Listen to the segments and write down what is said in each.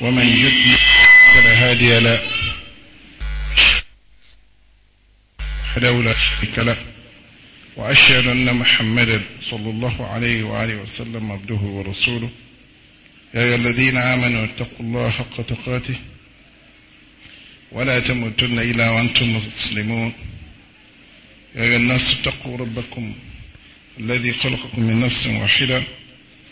ومن يضلل فلا هادي له وحده لا شريك له وأشهد أن محمدا صلى الله عليه وآله وسلم عبده ورسوله يا أيها الذين آمنوا اتقوا الله حق تقاته ولا تموتن إلا وأنتم مسلمون يا أيها الناس اتقوا ربكم الذي خلقكم من نفس واحدة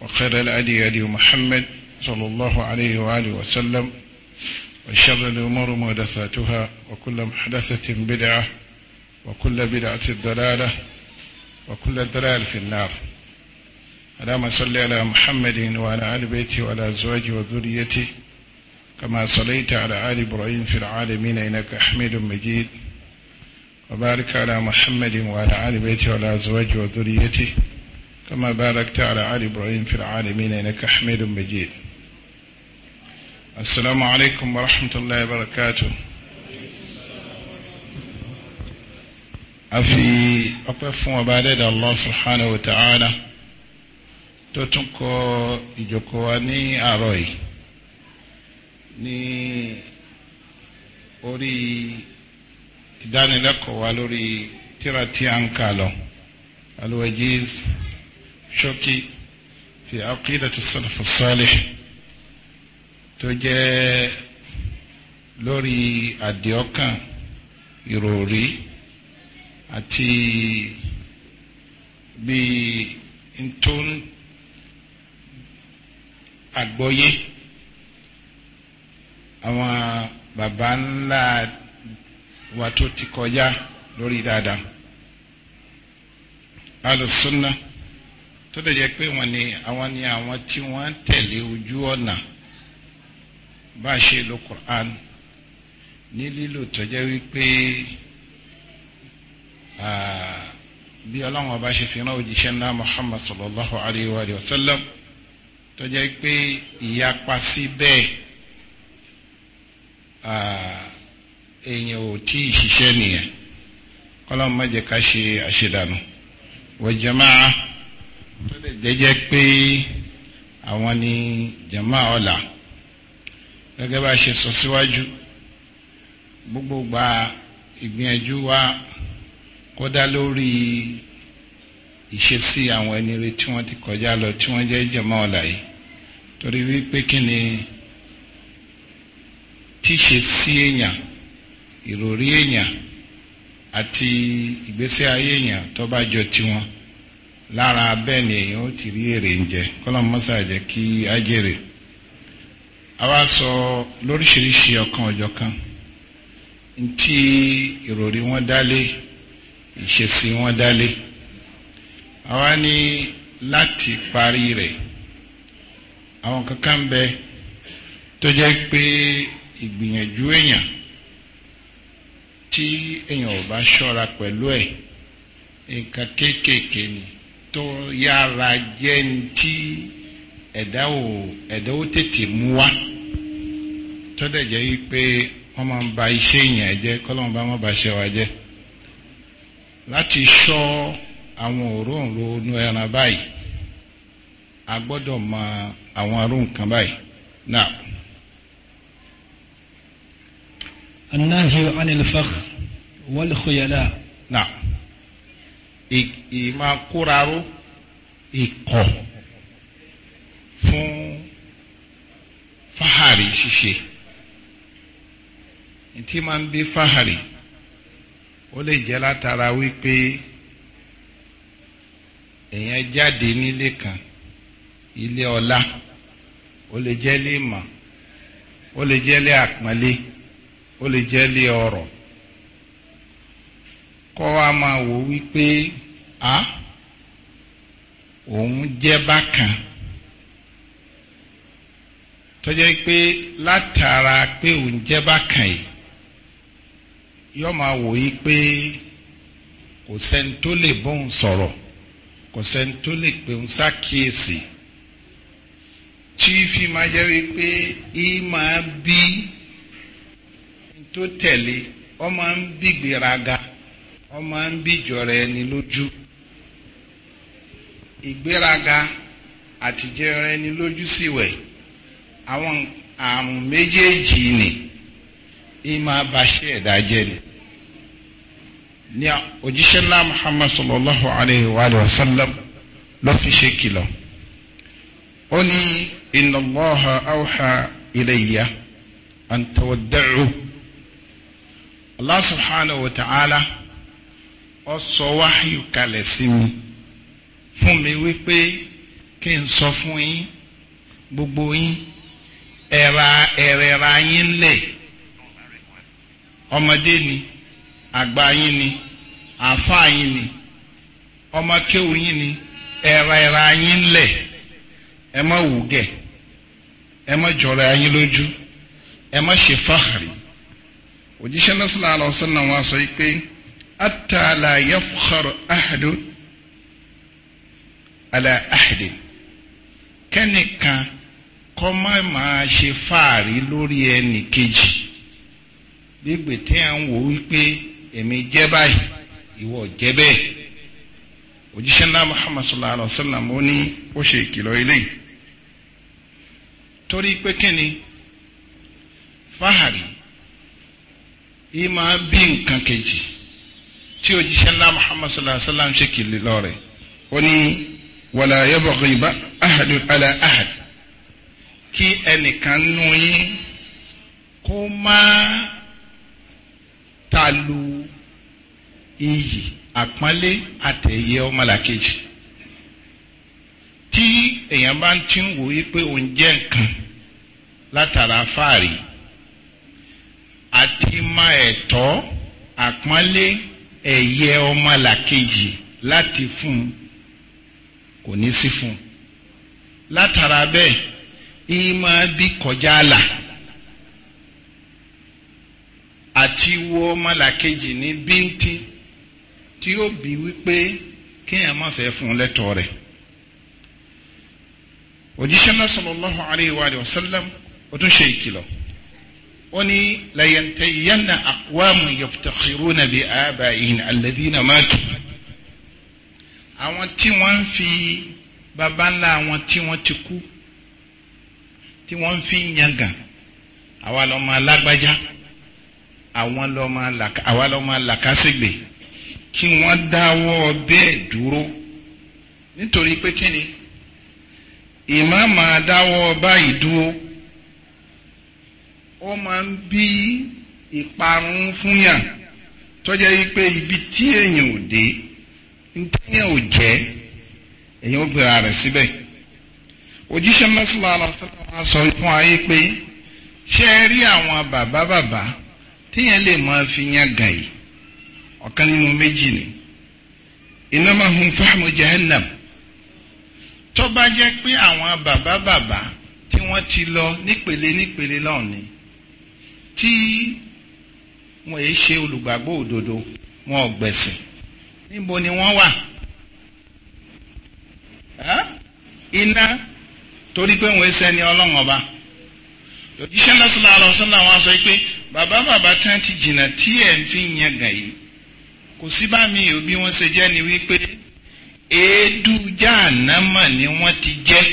وخير الأدي أدي محمد صلى الله عليه وآله وسلم وشر الأمور محدثاتها وكل محدثة بدعة وكل بدعة ضلالة وكل ضلال في النار اللهم صل على محمد وعلى آل بيته وعلى أزواجه وذريته كما صليت على آل إبراهيم في العالمين إنك حميد مجيد وبارك على محمد وعلى آل بيته وعلى أزواجه وذريته كما باركت على آل إبراهيم في العالمين إنك حميد مجيد السلام عليكم ورحمة الله وبركاته أفي أقف وبارد الله سبحانه وتعالى tó tún أروي ìjókòó wa ní àárọ̀ yìí ní orí ìdánilẹ́kọ̀ọ́ wa lórí tíra tí ń kà lọ alwajiz ṣókí fi aqidati salaf as-salih tó jẹ́ lórí àdìọ́kàn ìròrí àti bí tó ń àgbọ́yé àwọn baba ńlá wa tó ti kọjá lórí dáadáa alùsùnà tó lè jẹ́ pé wọ́n ni àwọn ni àwọn tí wọ́n tẹ̀lé ojú ọ̀nà bá a ṣe lo Quran ní lílò tó jẹ́ wípé bí ọlọ́run ọba ṣe fi rán òjíṣẹ́ ńlá Muhammad sallallahu alayhi wa sallam tó jẹ́ pé ìyapa sí bẹ́ẹ̀ èèyàn ò tí ì ṣiṣẹ́ nìyẹn kọ́lọ́mù ṣe àṣedànù wọ́n jẹ́ máa tó lè jẹ́jẹ́ pé àwọn ni jama ọ̀la gẹ́gẹ́ bá a ṣe sọ síwájú gbogbo gba ìgbìyànjú wa kó dá lórí ìṣesí àwọn ẹni rẹ tí wọ́n ti kọjá lọ tí wọ́n jẹ́ jama ọ̀la yìí torí wípé kí ni tíṣe sí èèyàn ìròrí èèyàn àti ìgbésí ayé èèyàn tó bá jọ tiwọn lára bẹ́ẹ̀ ni èèyàn ó ti rí èrè ń jẹ mọ́sá jẹ́ kí a wá sọ kan ìròrí wọn dálé ìṣesí wọn dálé a wá ní láti parí àwọn kankan bẹ tó pé ìgbìyànjú èèyàn tí èèyàn ò bá tó yára jẹ́ ntí ẹ̀dá ò ẹ̀dá ò tètè mú wá tọ́dẹ̀ jẹ́ yí pé wọ́n máa ń ba iṣẹ́ èèyàn jẹ́ kọ́lọ́n bá má ba ṣe wa jẹ́ láti ṣọ́ àwọn òróǹro inú ẹran báyìí a gbọ́dọ̀ mọ àwọn arú nǹkan báyìí náà. النهي عن الفخر والخيلاء نعم ìmàkúraró ìkọ̀ fún fáhàrí ṣíṣe ntí máa ń bí fáhàrí ó lè jẹ́ látara wípé èèyàn jáde nílé kan ilé ọlá ó lè jẹ́ ilé ìmọ̀ ó lè jẹ́ ilé àpọ́nlé ó lè jẹ́ ilé ọrọ̀ kọ́ wa máa wò wípé. a òun jẹ́ bákan tọ́jẹ́ pé látara pé òun jẹ́ bákan yìí yọ́ máa wò yí pé kò sẹ́ni tó lè bóun sọ̀rọ̀ kò sẹ́ni tó lè tí fi máa jẹ́ wípé í máa bí tó tẹ̀lé ọ máa ń bí ọ máa ń bí ẹni lójú. ìgbéraga àtijẹrẹ ni lójú sí wẹ̀ àwọn àrùn méjèèjì ni ìmọ̀ abaṣẹ́ ẹ̀dá jẹ́ ni ní òjíṣẹ́ ńlá muhammad sallallahu alayhi wa sallam ló fi ṣe kìlọ̀ ó ní inna allaha awha ilayya an tawadda'u allah subhanahu wa ta'ala ó sọ wahyu kalẹ̀ sí mi fún mi wípé kí n sọ fún yín gbogbo yín ẹ̀ra ẹ̀rẹ̀ra yín lẹ̀ ọmọdé ni àgbà yín ni àáfàá yín ni ọmọ kéwù yín ni ẹ̀ra ẹ̀ra yín lẹ̀ ẹ má wù gẹ̀ ẹ má jọra yín lójú ẹ má ṣe fáàrí òjíṣẹ́ náà sallallahu alaihi wasallam wá sọ pé àtàlà yafkhar ahadun ala ahdi kẹ́nìkan kọ́ má máa ṣe fáàrí lórí ẹnì kejì gbígbè tí à ń wò wípé èmi jẹ́ báyìí ìwọ jẹ́ bẹ́ẹ̀ òjíṣẹ́ ńlá muhammad sallallahu alayhi wa sallam ó ní ó ṣe ìkìlọ̀ eléyìí torí pé kíni fáàrí yìí máa bí nǹkan kejì tí òjíṣẹ́ ńlá muhammad sallallahu alayhi wa sallam ṣe kìlọ̀ rẹ̀ ó ní wala yabghi ahadun ala ahad kí ẹnìkan nù yín kó má ta lu iyì àpọ́nlé àtẹ̀yẹ ọmọlàkejì tí èèyàn bá ti ń wòye pé òun jẹ́ nǹkan látara fáàrí àti má ẹ̀tọ́ àpọ́nlé ẹ̀yẹ ọmọlàkejì láti fún un kò ní sí fún un látara bẹ́ẹ̀ ìyí máa bí kọjá àlà àti wo ọmọlàkejì ní bíntín tí yóò bí wípé kéèyàn má fẹ́ fún un lẹ́tọ̀ọ́ rẹ̀ òjíṣẹ́ náà sallallahu alayhi wa sallam ó tún ṣe ìkìlọ̀ ó ní la yantahiyanna aqwamun yaftakhiruna bi abaihim alladhina matu àwọn tí wọ́n ń fi baba ńlá àwọn tí wọ́n ti kú tí wọ́n ń fi yangàn àwa lọ́mọ alágbájá àwọn lọ́mọ àwa lọ́mọ làkàṣègbè kí wọ́n dáwọ́ bẹ́ẹ̀ dúró nítorí pé kí ni ìmáàmà dáwọ́ báyìí dúró ó máa ń bí ìparun fún yàn tó jẹ́ pé ibi tí èèyàn ò dé ntẹ́yìn ò jẹ́ èyí ó gbéra rẹ̀ síbẹ̀ òjíṣẹ́ mẹ́sàlá aláṣẹ́lá wa sọ fún ayé pé ṣé ẹ rí àwọn bàbá bàbá téèyàn lè máa fi yan gàì ọ̀kan nínú méjì ni innama hum fahmu jahannam tó bá jẹ́ pé àwọn bàbá bàbá tí wọ́n ti lọ nípele nípele lọ́ọ̀ni tí wọ́n yìí ṣe olùgbàgbọ́ òdodo wọn ò gbẹ̀sìn níbo ni wọ́n wà iná torí pé wọ́n ṣẹ́ni ọlọ́run ọba òjíṣẹ́ lọ́sọ̀lá àlọ́sọ̀lá wọn sọ pé bàbá bàbá tán ti jìnnà tí ẹ̀ ń fi yan gàn yìí kò sí bá mi ò bí wọ́n ṣe jẹ́ ni wípé èédú jáànámà ni wọ́n ti jẹ́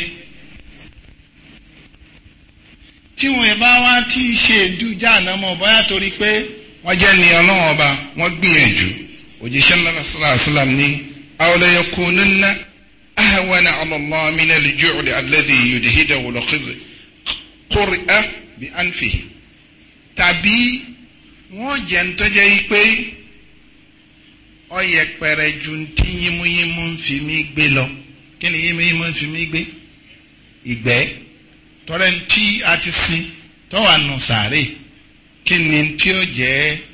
tí wọ́n bá wá tí ṣe èédú jáànámà bóyá torí pé wọ́n jẹ́ ni ọlọ́run ọba wọ́n gbìyànjú òjíṣẹ́ ńlá sàlàsílàm ní awla yakunanna ahwana ala Allah min al-ju'd alladhi yudhidahu al-khizr qur'a bi anfihi tàbí wọ́n jẹ́ ntọ́jẹ́ yìí pé ọyẹ pẹrẹ ju ti yínmúyínmú ń fi mí gbé lọ kí ni yínmúyínmú fi mí gbé ìgbẹ́ tọrẹ ntí a sin tọ́wọ́ ànú sàárè kí ni ntí ó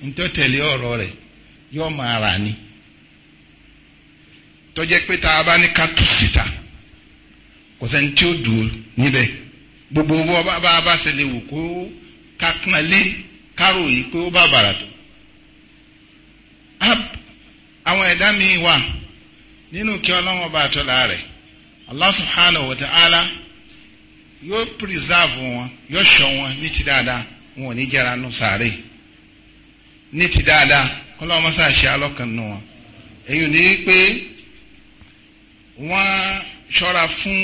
ntí ó tẹ̀lé ọ̀rọ̀ yóò máa rà ní tọ́jẹ́ pé tá a bá ní ká tù síta kò sẹ́ni tí ó dùn níbẹ̀ gbogbo bọ́ bá a bá ṣe lè wò kó ká pọ́n lé kárò yìí pé ó bá bàrà tó àwọn ẹ̀dá mi wà nínú kí ọlọ́run ọba àtọ́lá rẹ̀ Allah subhanahu wa ta'ala yóò preserve wọn yóò ṣọ́ wọn ní ti dáadáa wọn ò ní jẹranu sáré ní ti dáadáa kọ́lá wọn sá ṣe alọ́kan nù wọn èyí ò ní pé wọ́n ṣọ́ra fún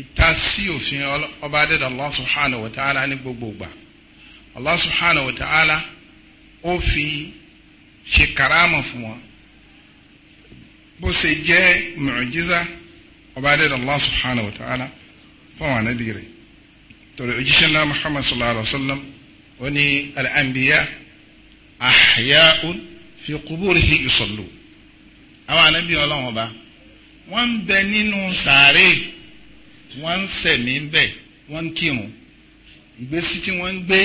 ìtasí òfin ọba adẹ́dàá Allah subhanahu wa ta'ala ní gbogbo ìgbà Allah subhanahu wa ta'ala ó fi ṣe karama fún wọn bó ṣe jẹ́ mu'jiza ọba adẹ́dàá Allah subhanahu fún àwọn anábì rẹ̀ torí òjíṣẹ́ náà Muhammad sallallahu alayhi wa sallam ó ní al ahya'un fi quburihi yusallu àwọn ànábì ọlọ́run ọba wọ́n ń bẹ nínú sàárè wọ́n ń sẹ̀mí ń bẹ̀ wọ́n ń kírun ìgbésí tí wọ́n ń gbé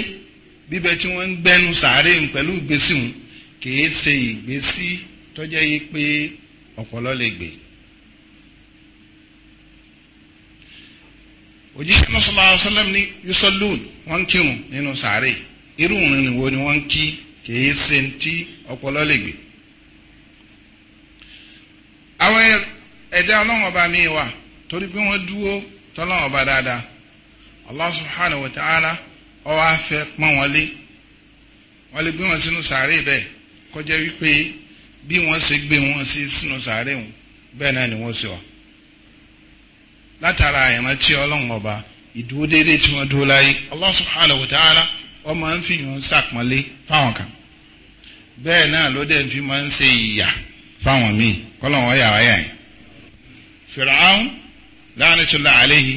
bíbẹ tí wọ́n ń gbẹ́nu sàárè ń pẹ̀lú ìgbésí wọn kìí ṣe ìgbésí tọ́jẹ́ yìí pé ọ̀pọ̀lọ́ lè gbé. òjíṣẹ́ náà sallallahu alaihi wasallam wọ́n kírun nínú sàárè irú òun ni wọ́n kí kìí ṣe ń tí ọpọlọ lè gbé àwọn ẹ̀dá ọlọ́run ọba mi wà torí pé wọ́n dúró tọ́lọ́run ọba dáadáa Allah subhanahu wa ta'ala ó wá fẹ́ pọ́n wọn lé wọ́n lè gbé wọn sínú sàárè bẹ́ẹ̀ kó jẹ́ wípé bí wọ́n ṣe gbé wọn sí sínú sàárè wọn bẹ́ẹ̀ náà ni wọ́n ṣe wà látara ìrántí ọlọ́run ọba ìdúró déédéé tí wọ́n dúró láyé Allah subhanahu wa ta'ala wọ́n máa ń fìyàn ṣàpọ́nlé fáwọn kan bẹ́ẹ̀ náà ló dẹ̀ fi máa ń ṣe ìyà fáwọn míì kọ́lọ́wọ́n yà wáyà yìí. fìràhún lánàtúlá àléhi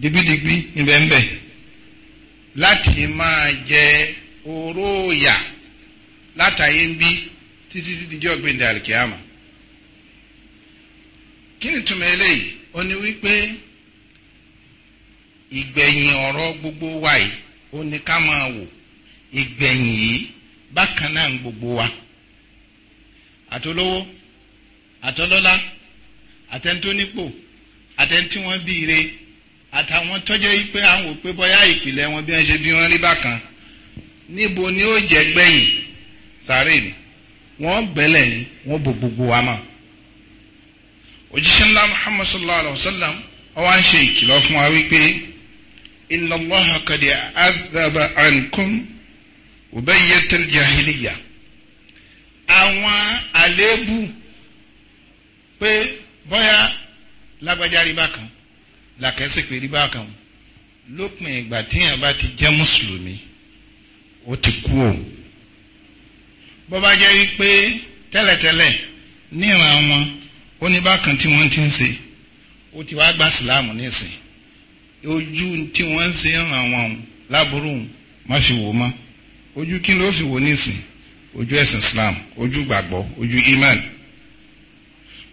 digbidigbi nbẹ̀nbẹ̀ láti máa jẹ oró yà látàyé ń bí títí títí jọ́ gbẹ̀ndẹ̀ àlìkíyàmà. kí ni túmọ̀ eléyìí ó ní wípé ìgbẹ̀yìn ọ̀rọ̀ gbogbo wáyìí ó ní ká máa wò ìgbẹ̀yìn yìí bákan náà ń gbogbo wa àtolówó àtọlọ́lá àtẹnitónípò àtẹnití wọ́n bí ire àtàwọn tọ́jọ́ yìí pé àwọn ò pé bọ́yá ìpìlẹ̀ wọn bí wọ́n ṣe bí wọ́n rí bákan níbo ni ó jẹ́ gbẹ̀yìn sáré ni wọ́n gbẹ́lẹ̀ ni wọ́n bo gbogbo wa mọ́ òjíṣẹ́ ńlá Muhammad sallallahu alayhi wa sallam ó wá ń ṣe ìkìlọ̀ fún wa wípé. إن الله qad azaba ankum ubayyatal jahiliya àwọn àléébù pé bóyá lágbájá rí bákan làkẹ́sìpé rí bákan lópin ìgbà tíyàn bá ti jẹ́ mùsùlùmí ó ti kú o bó bá jẹ́ wípé tẹ́lẹ̀tẹ́lẹ̀ níran wọn ó ní bákan tí wọ́n ti ń ṣe ó ti wá gba síláàmù nísìnyí ojú tí wọ́n ṣe ń ràn wọ́n láburú má fi wò mọ́ ojú kí ló fi wò nísìn ojú ẹ̀sìn Islam ojú gbàgbọ́ ojú iman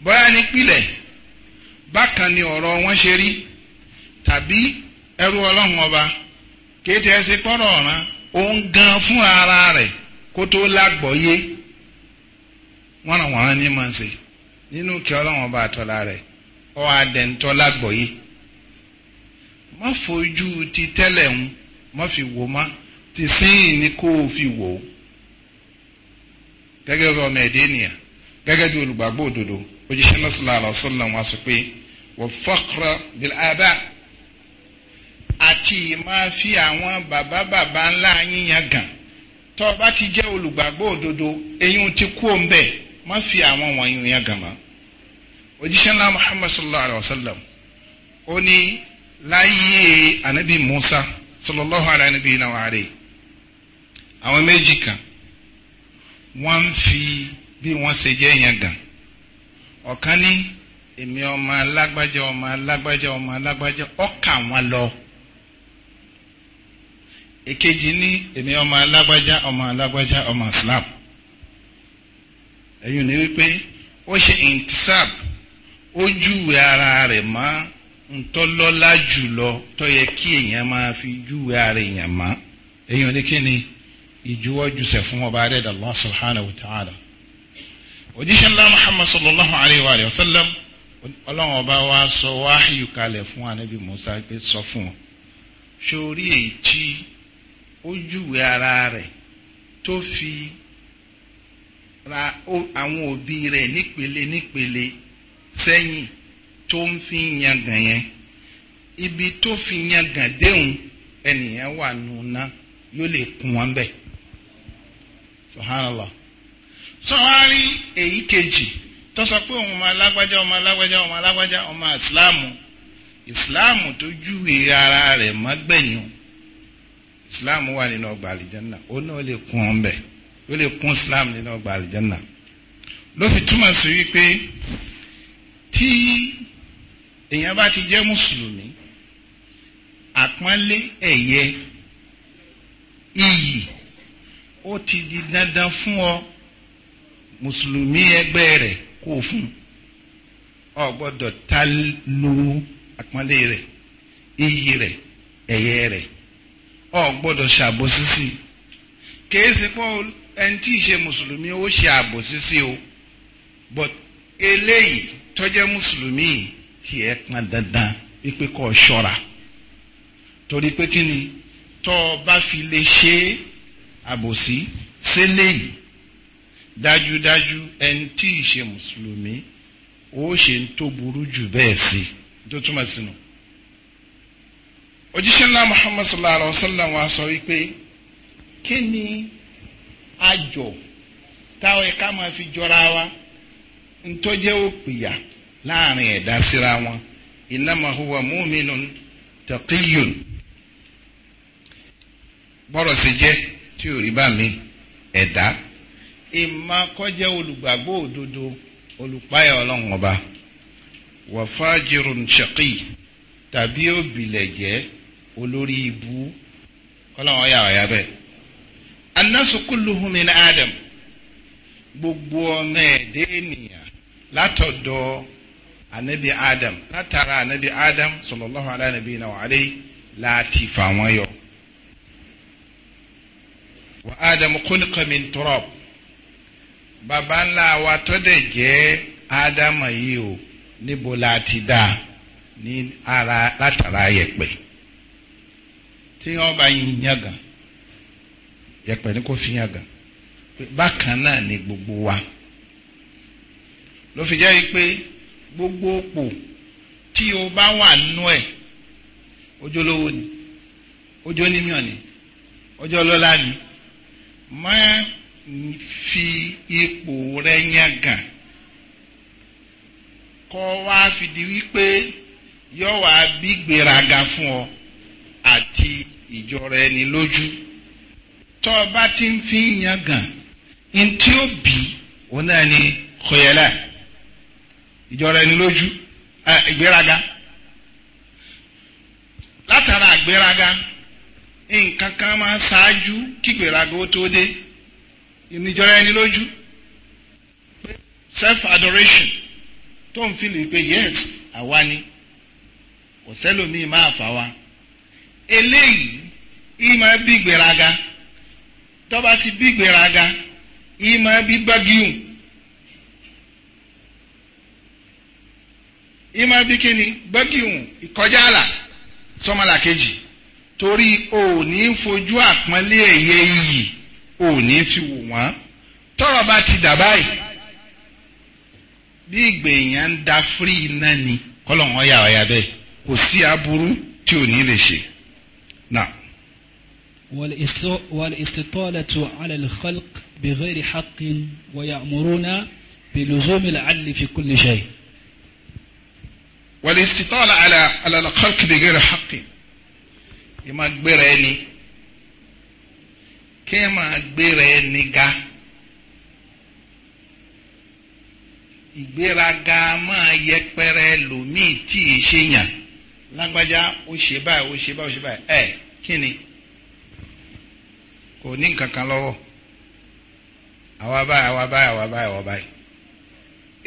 bóyá nípìlẹ̀ bákan ni ọ̀rọ̀ wọn ṣe rí tàbí ẹrú ọlọ́run ọba kéde ẹsẹ̀ pọ́nrọ̀ ọ̀ràn òun gan fún ara rẹ̀ kó tó lágbọ̀ọ́yé wọ́n ràn wọ́n ní mọ̀ ṣe nínú kí ọlọ́run ọba àtọ́lá rẹ̀ ọ̀ adẹ̀ntọ́ lágbọ̀ọ́yé má fojú ti tẹ́lẹ̀ ń má fi wò má ti sìn ní kó o fi wò ó gẹ́gẹ́ bí ọmọ ẹ̀dẹ́ ènìyàn gẹ́gẹ́ bí olùgbàgbọ́ òdodo òjíṣẹ́ náà sallallahu alaihi wasallam wá sọ pé wa faqra bil aba àti máa fi àwọn bàbá bàbá ńlá yín yan gàn tó o bá ti jẹ́ olùgbàgbọ́ òdodo eyín ti kú òun bẹ́ẹ̀ má fi àwọn wọ̀nyí yan gàn mọ́ òjíṣẹ́ náà Muhammad sallallahu alaihi wasallam ó ní láyé anabi musa sallallahu alayhi nabi na wàhálẹ àwọn méjì kan wọ́n ń fi bí wọ́n ṣe jẹ́ yẹn gan ọ̀kan ní èmi ọmọ alágbájá ọmọ alágbájá ọmọ alágbájá ọkà wọn lọ èkejì ní èmi ọmọ alágbájá ọmọ alágbájá ọmọ islam ẹ̀yìn ni wípé ó ṣe intisab ó ara rẹ̀ mọ́ ntọ́lọ́lá jùlọ tó yẹ kí èèyàn máa fi júwe ara èèyàn mọ́ èèyàn ní kíni ìjuwọ́júṣe fún ọba adẹ́dà Allah subhanahu wa ta'ala òjíṣẹ́ ńlá Muhammad sallallahu alayhi wa sallam ọlọ́run ọba wa sọ wáhíù kalẹ̀ fún anabi Musa pé sọ fún ọ sórí èyí ó ara rẹ̀ tó fi ra àwọn òbí rẹ̀ nípele nípele sẹ́yìn tó ń fi yangàn yẹn ibi tó fi yangàn déhùn ẹnìyẹn wà nùnà yóò lè kún wọn bẹ́ẹ̀ subhanallah sọwárí èyí kejì tó sọ pé òun ọmọ alágbájá ọmọ alágbájá ọmọ alágbájá ọmọ ìsìláàmù ìsìláàmù tó júwe ara rẹ̀ mọ́gbẹ̀yìn islam wà nínú ọgbà àlìjánná ó náà lè kún ọ̀n bẹ̀ ó lè kún islam nínú ọgbà àlìjánná ló fi túmọ̀ sí wípé tí èèyàn bá ti jẹ́ mùsùlùmí àpọ́nlé ẹ̀yẹ iyì ó ti di dandan fún ọ mùsùlùmí ẹgbẹ́ rẹ̀ kó fún ọ gbọ́dọ̀ ta lu àpọ́nlé rẹ̀ iyì rẹ̀ ẹ̀yẹ rẹ̀ ọ gbọ́dọ̀ ṣàbòsí sí i kìí ṣe ẹni tí ì ṣe mùsùlùmí ó ṣe àbòsí sí o but eléyìí tó jẹ́ mùsùlùmí yìí tí ẹ pọn dandan wípé kó ṣọ́ra torí pé kí ni tọ́ ọ bá fi lè ṣe àbòsí sílẹ̀ yìí dájúdájú ẹni tí ì ṣe mùsùlùmí ó ṣe ń tó burú jù bẹ́ẹ̀ sí tó túmọ̀ sínú. òjíṣẹ́ ńlá Muhammad sallallahu alayhi wa sallam wa sọ wípé kí ni àjọ táwọn ẹ̀ka máa fi jọra wa ń tọ́jẹ́ òpìyà láàrin ẹ̀dá síra wọn innama huwa mu'minun taqiyun bọ́rọ̀ sí jẹ́ tí ò rí bá mi ẹ̀dá ìmọ̀ kọjẹ́ olùgbàgbọ́ òdodo olùpáyà ọlọ́run ọba wa fajirun shaqi tàbí òbílẹ̀ jẹ́ olórí ibú ọlọ́run ọ̀yà ọ̀yà bẹ́ẹ̀ annasu kulluhum adam gbogbo ọmọ ẹ̀dẹ́ ènìyàn látọ̀dọ̀ anabi adam látara anabi adam sallallahu ala nabiyina wa alayhi láti fà wọ́n yọ. wa adam khuliqa min turab baba ńlá wa tó dẹ̀ jẹ́ ádámà yìí o níbo la ti dá ní ara látara yẹ̀pẹ̀ tí wọ́n bá yin yàgàn yẹ̀pẹ̀ ni kò fi yàgàn bákan náà ni gbogbo wa ló fi jẹ́ pé gbogbo òpò tí o bá wà nú ẹ̀ ọjọ́ lówó ni ọjọ́ onímọ̀ ni ọjọ́ ọlọ́lá ni má fi ipò rẹ yẹn gàn kọ́ wá fìdí wípé yọ wá bí gbéraga fún ọ àti ìjọra ẹni lójú tọ́ ọ bá ti ń fi yàn gàn ntí ó bì í náà ni kọ̀yẹ́lá ìjọra ẹni lójú ìgbéraga látara àgbéraga nǹkan kan máa ṣáájú kí ìgbéraga ó tó dé ìníjọra ẹni lójú self adoration tó ń fìlì pé yes àwa ni kò sẹ́lòmíì máa fà wá eléyìí ìmọ̀ bí ìgbéraga tó ti bí ìgbéraga ìmọ̀ bí bágíùn. ìmọ̀ bí kíni gbẹ́gìhùn ìkọjá àlà sọmọlà kejì torí o ò ní fojú àpọ́nlé ẹ̀yẹ iyì o ò ní fi wò wọ́n tọ́rọ̀ bá ti dà báyìí bí ìgbèyàn ń da firi iná ni kọ́lọ́hún ọ̀yà ọ̀yà bẹ́ẹ̀ kò sí aburú tí ò ní lè ṣe. والاستطالة على الخلق بغير حق ويأمرون بلزوم العدل في كل شيء والاستطالة على على الخلق بغير حق ìmọ̀ gbéra ẹni kí ẹ máa gbéra ẹni ga ìgbéraga máa yẹpẹrẹ lòmíì tí ì ṣe yàn lágbájá ó ṣe báyìí ó ṣe báyìí ó ṣe báyìí ẹ kí ni kò ní nǹkan kan lọ́wọ́ àwa báyìí àwa báyìí àwa báyìí àwa báyìí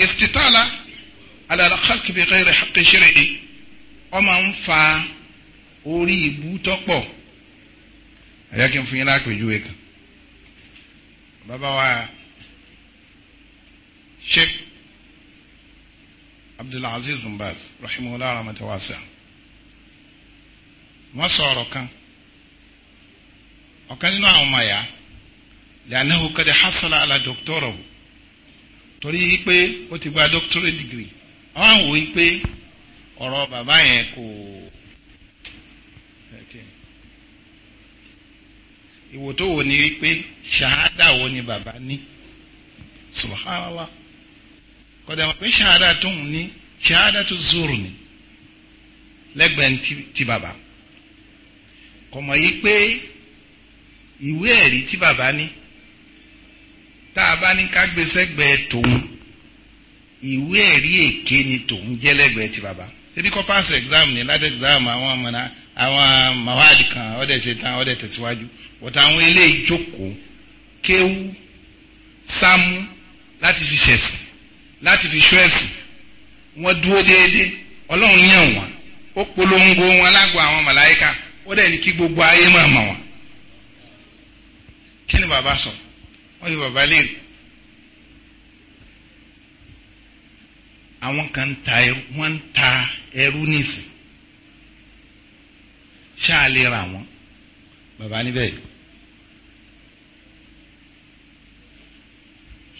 istitala alala xalki bi ghayri haqqi shar'i ó máa ń fa orí ibú tọ́pọ̀ ẹ̀yà kí n fún yín lápèjúwe kan bàbá wa sheikh abdulaziz bin baz rahimahullah rahmatawasa wọ́n sọ ọ̀rọ̀ kan ọ̀kan nínú àwọn ọmọ ẹ̀yà lẹ́yìn náà hasala ala dọ́kítọ́rọ̀ torí pé ó ti gba doctorate degree àwọn àwọn wòye pé ọ̀rọ̀ bàbá yẹn kò ìwò tó wò ní wípé ṣahada wo ni bàbá ní subhanallah kọ́dà wọn pé ṣahada tó ń ní ṣahada tó zoro ni lẹ́gbẹ̀ẹ́ ti bàbá kọ̀mọ̀ yìí pé ìwé ẹ̀rí tí bàbá ní tá a bá ní ká gbé sẹ́gbẹ̀ẹ́ tòun ìwé ẹ̀rí èké ni tòun jẹ́ lẹ́gbẹ̀ẹ́ ti bàbá ebi kọ́ pass exam ni láti exam àwọn amọ̀nà àwọn mawadi kan ọ̀dẹ̀ ṣe tán ọ̀dẹ̀ tẹ̀síwájú ọ̀tá àwọn ilé ìjókòó kéwú sámú láti fi ṣẹ̀sìn láti fi ṣọ́ ẹ̀sìn wọ́n dúró déédéé ọlọ́run yàn wọ́n ó polongo wọn lágbo àwọn màláíkà ó dẹ̀ ní kí gbogbo ayé máa mọ̀ wọ́n kí ni bàbá sọ wọ́n yọ bàbá léèrè àwọn kan ń ta ẹrú wọ́n ń ta ẹrú nísìn ṣáà lè ra wọn bàbá níbẹ̀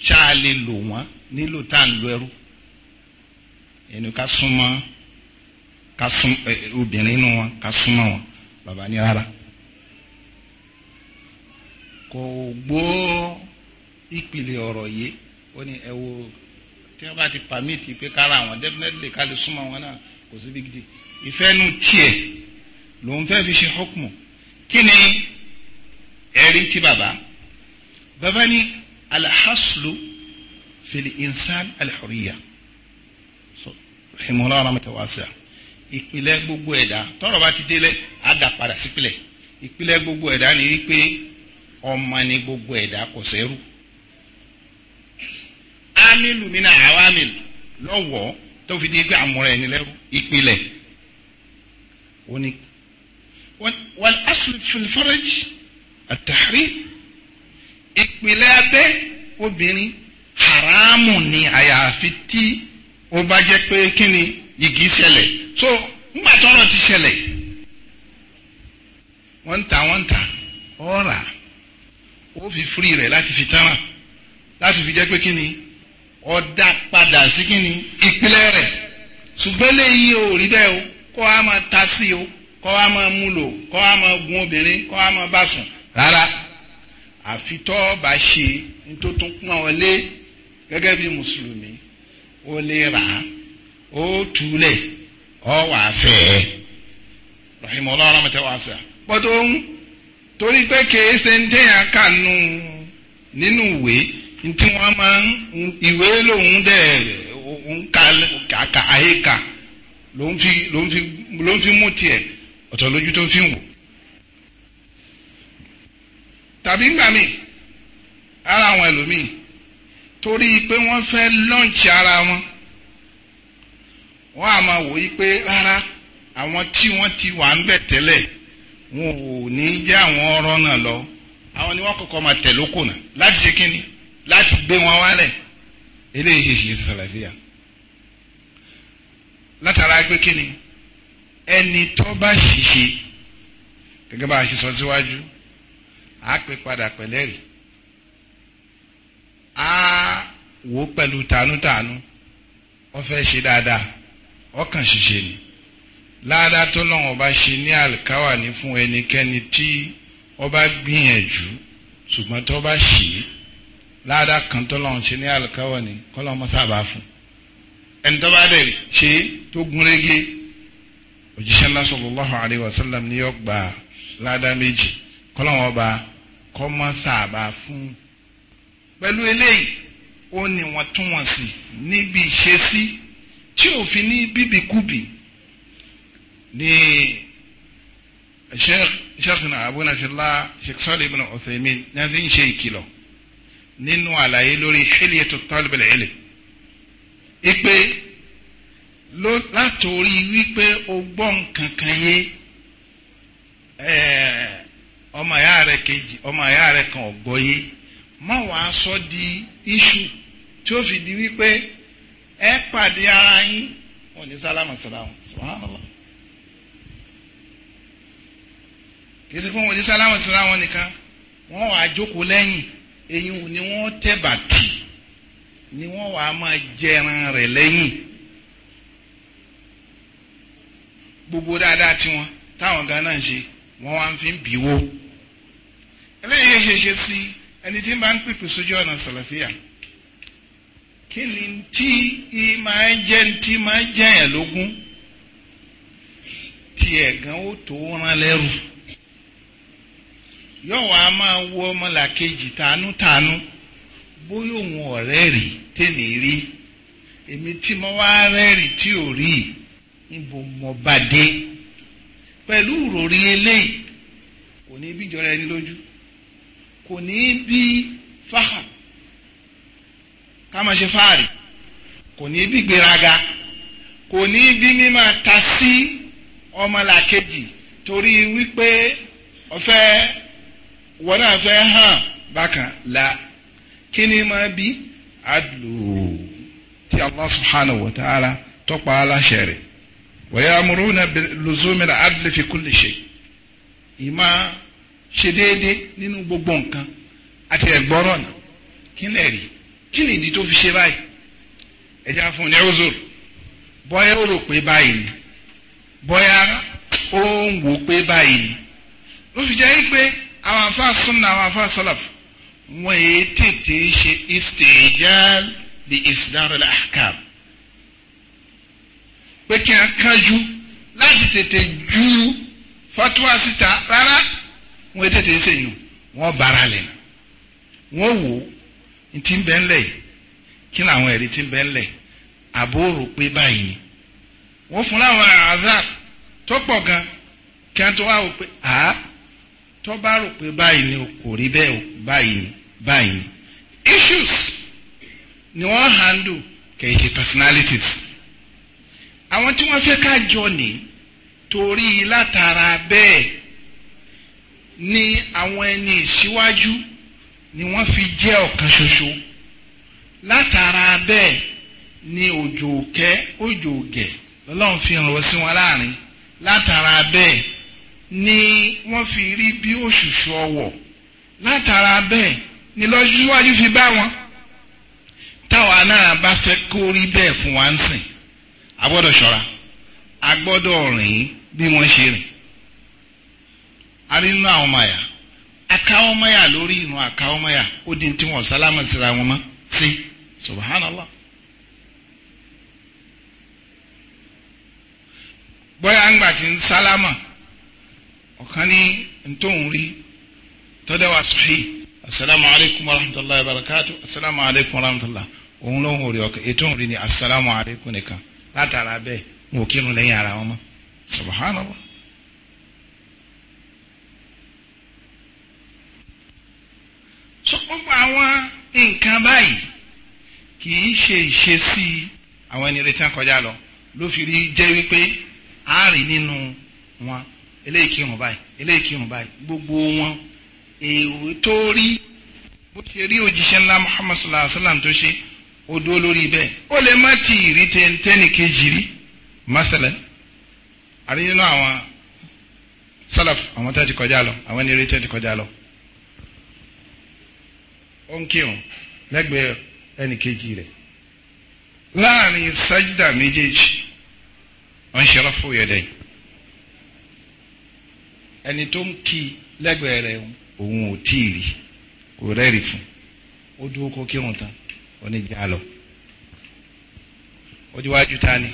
ṣáà lè lò wọ́n nílò tá à ń lo ẹrú ẹnu ká súnmọ́ ká sún obìnrin inú wọn ká súnmọ́ wọn bàbá ní rárá kò gbọ́ ìpìlẹ̀ ọ̀rọ̀ yìí ó ní ẹ wo tí wọ́n bá ti pàmìtì pé kára àwọn definitely ká lè súnmọ́ wọn náà kò sí big deal ìfẹ́nu tiẹ̀ lòun fẹ́ fi ṣe hukmu kí ni ẹ̀rí ti bàbá bàbá ní alhaslu fil insan alhuriya rahimahulah rahmatu wasi'a ìpìlẹ̀ gbogbo ẹ̀dá tọ́rọ̀ bá ti délẹ̀ á dà padà sípìlẹ̀ ìpìlẹ̀ gbogbo ẹ̀dá ni wípé ọmọ ni gbogbo ẹ̀dá kò sẹ́rù ámìlù mi náà àwọn ámìlù lọ́wọ́ tó fi di pé àmúra ẹni lẹ́rú ìpìlẹ̀ wọ́n ni wal aslu fil faraj ìpìlẹ̀ abẹ́ obìnrin haramu ni àyàfi tí ó bá jẹ́ pé kí ni yìgì ṣẹlẹ̀ so ńgbà tọ́rọ̀ ti ṣẹlẹ̀ wọ́n ń ta wọ́n ń ta ọ̀rà ó fi fúri rẹ̀ láti fi tán láti fi jẹ́ pé kí ni ọ̀dà padà sí kí ni ìpìlẹ̀ rẹ̀ ṣùgbọ́n lẹ́yìn ò rí bẹ́ẹ̀ o kọ́ a máa ta sí o kọ́ a máa mú lò kọ́ a máa gun obìnrin kọ́ a máa bá sùn rárá àfi tọ́ ọba ṣe nítorí pọ́n ọ lé gẹ́gẹ́ bí mùsùlùmí ó lè rà á ó túlẹ̀ ọ wà fẹ́ ẹ rahim ọlọ́run mi tẹ́ wá sí a bọ́tò ń torí pé kèé ṣe ń dẹ́yà kànú nínú ìwé ntí wọ́n máa ń ìwé lòun dẹ̀ òun kà kà àyíká ló ń fi ló ń fi ló ń fi mú tiẹ̀ ọ̀tọ̀ lójú tó ń fi wò tàbí ńgbà míì ara àwọn ẹlòmíì torí pé wọ́n fẹ́ lọ́ǹchì ara wọn wọ́n á máa wò yí pé rárá àwọn tí wọ́n ti wà ń bẹ̀ tẹ́lẹ̀ wọn ò ní jẹ́ àwọn ọ̀rọ̀ náà lọ àwọn ni wọ́n kọ́kọ́ máa tẹ̀ lóko náà láti ṣe kínni láti gbé wọn wálẹ̀ eléyìí ṣe sàlàfíà látara pé kí ni ẹni tó bá ṣiṣe gẹ́gẹ́ bá a ṣe sọ síwájú á pè padà pẹ̀lẹ́rì á wò ó pẹ̀lú tànútànú ó fẹ́ ṣe dáadáa ọkàn ṣiṣe ni ládàá tó lọ́wọ́ bá ṣe ní àlùkáwà ní fún ẹnikẹ́ni tí ó bá gbìyànjú ṣùgbọ́n tó bá ṣì í láàdá kan tọ́lọ́run ṣe ní àlùkáwọ̀ ni kọ́lọ́run mọ́ sábà fún ẹni tó bá dẹ̀ ṣe tó gúnrégé òjíṣẹ́ ńlá sallallahu alayhi wa sallam ní ọgbà láàdá méjì kọ́lọ́run ọba kọ́ mọ́ sábà fún pẹ̀lú eléyìí ó ní wọ́n tún wọ́n sí níbi ìṣesí tí òfin ní bíbíkúbì ní sheikh sheikh na abunafillah sheikh Salih ibn Uthaymin ní a fi ń ṣe ìkìlọ̀ nínú àlàyé lórí hilyatu talib al-ilm ipe látòrí wípé o gbọ́ nǹkan kan yé ọmọ ìyá rẹ kejì ọmọ ìyá rẹ kan ọ̀gbọ́ yé má wàá sọ di iṣu tí ó fi di wípé ẹ pàdé ara yín wọn ní sálámà sálámà subhanallah kì í ṣe pé wọn ní sálámà sálámà nìkan wọn wàá jókòó lẹ́yìn eyín ni wọ́n tẹ́ bàtì ni wọ́n wàá máa jẹran rẹ̀ lẹ́yìn gbogbo dáadáa tiwọn táwọn gan náà ń ṣe wọ́n wá fi ń bì wó eléyìí ṣe ṣe sí ẹni tí ń bá ń pèpè sójú ọ̀nà sàlàfíà kí ni tí máa ń jẹ́ tí máa ń jẹ́ yẹn lógún tiẹ̀ gan ó tó rán lẹ́rù. yóò wá máa wo ọmọlàkejì tánútánú bóyá òun ọ̀rẹ́ rí tèmi rí èmi tí mo wá rẹ́rìí tí ò rí níbo mo bá dé pẹ̀lú ìròrí eléyìí kò ní bí ìjọra ẹni lójú kò ní bí fáhà ká máa ṣe fáàrí kò ní bí gbéraga kò ní bí mímọ ta sí ọmọlàkejì torí wípé ọ̀fẹ́ wọn náà fẹ́ hàn bákan la kí ni máa bí adùn tí Allah subhanahu wa ta'ala tọ́pa aláṣẹ rẹ̀ wa ya'muruna luzumil adli fi kulli shay ìmá ṣe déédéé nínú gbogbo nǹkan àti ẹ̀gbọ́rọ̀ náà kí lè rí kí ni ìdí tó fi ṣe báyìí ẹ̀já fún ní ọ̀zọ̀rọ̀ bọ́yá ó rò pé báyìí ni bọ́yá ó ń wò pé báyìí ni ló fi jẹ́ pé àwọn afa sunna àwọn afa salaf wọn èyí tètè ṣe istijal bi isdarul ahkam pé kí a kájú láti tètè ju fatuwa síta rárá wọn èyí tètè ṣe yìí wọn bára lẹ̀ wọn wò ó ti ń bẹ́ ńlẹ̀ kí làwọn ẹ̀rí ti ń bẹ́ ńlẹ̀ pé báyìí ni fún láwọn azar tó pọ̀ gan kí a tó wá wò pé àá tó bá rò pé báyìí ni o kò rí bẹ́ẹ̀ báyìí báyìí issues ni wọ́n handle kẹ̀yìn ṣe personalities àwọn tí wọ́n fẹ́ ká jọ ní torí látara bẹ́ẹ̀ ni àwọn ẹni ìṣíwájú ni wọ́n fi jẹ́ ọ̀kan ṣoṣo látara bẹ́ẹ̀ ni òjò òkẹ́ òjò ògẹ̀ lọ́lọ́run fi hàn wọ́n sí wọn láàrin látara bẹ́ẹ̀ ni wọ́n fi rí bí òṣùṣù ọwọ̀ látara bẹ́ẹ̀ ni lọ́jọ́wájú fi bá wọn táwa náà bá fẹ́ kó rí bẹ́ẹ̀ fún wa ń sìn a gbọ́dọ̀ ṣọ́ra a gbọ́dọ̀ rìn bí wọ́n ṣe rìn a rí nínú àwọn ọmọ àyà akáwọ́mọ́yà lórí ìrun akáwọ́mọ́yà ó di tí wọ́n sálámà síra wọn mọ́ sí subhanallah. bóyá ń gbà tí ń sálámà ọ̀kan ní ntòun rí tọ́jà wa sọ̀hí asalaamu alaykum wa rahmatulahi wa barakatu asalaamu alaykum wa rahmatulahi òun ló ń wòrè ọkọ ètò òun rí ni asalaamu alaykum nìkan látara bẹ́ẹ̀ n ò kírun lẹ́yìn ara wọn mọ́ subhanallah. so gbogbo àwọn nǹkan báyìí kì í ṣe ìṣesí àwọn ẹni retí kọjá lọ ló fi rí jẹ́ wípé a rí nínú wọn eléyìí kírun báyìí eléyìí kírun báyìí gbogbo wọn èèwò tó rí bó ṣe rí òjíṣẹ́ ńlá muhammad sallallahu alayhi wa sallam tó ṣe ó dúró lórí bẹ́ẹ̀ ó lè má ti rí tẹ́ntẹ́nì kejì rí masalẹ̀ àríyànjú àwọn salaf àwọn tó ti kọjá lọ àwọn ẹni rí tó ti kọjá lọ ó ń kírun lẹ́gbẹ̀ẹ́ ẹnì kejì rẹ̀ láàrin sájídà méjèèjì ó ń ṣe rọ́fù yẹ̀dẹ̀yìn ẹni tó ń kí lẹ́gbẹ̀ẹ́ rẹ̀ òun ò tí ì rí kò rẹ́rì fún ó dúró kó kírun tán ó ní jà lọ ó díwájú ta ni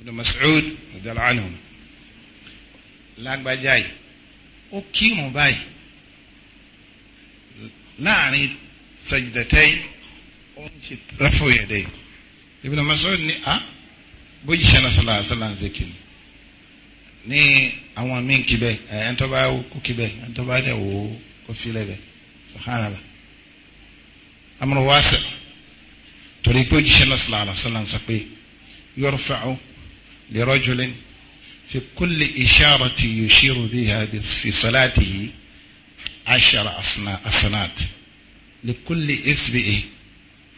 Ibn Mas'ud radiyallahu anhu lágbájá yìí ó kírun báyìí láàrin sajdatẹ́yì ó ń ṣe rafu yẹ̀dẹ́ Ibn Mas'ud ni a ah, bójú sẹ́nà sallallahu alaihi ń ṣe kìnnìún ní àwọn míì kíbẹ̀ ẹni tó bá kú kíbẹ̀ ẹni tó bá dẹ̀ wò ó kó filẹ̀ bẹ̀ subhanallah amúrò wá sẹ̀ torí pé ojúṣe náà sallallahu alaihi wasallam sọ pé yurfa'u li rajulin fi kulli isharati yushiru biha fi salatihi ashara asanat li kulli isbi'i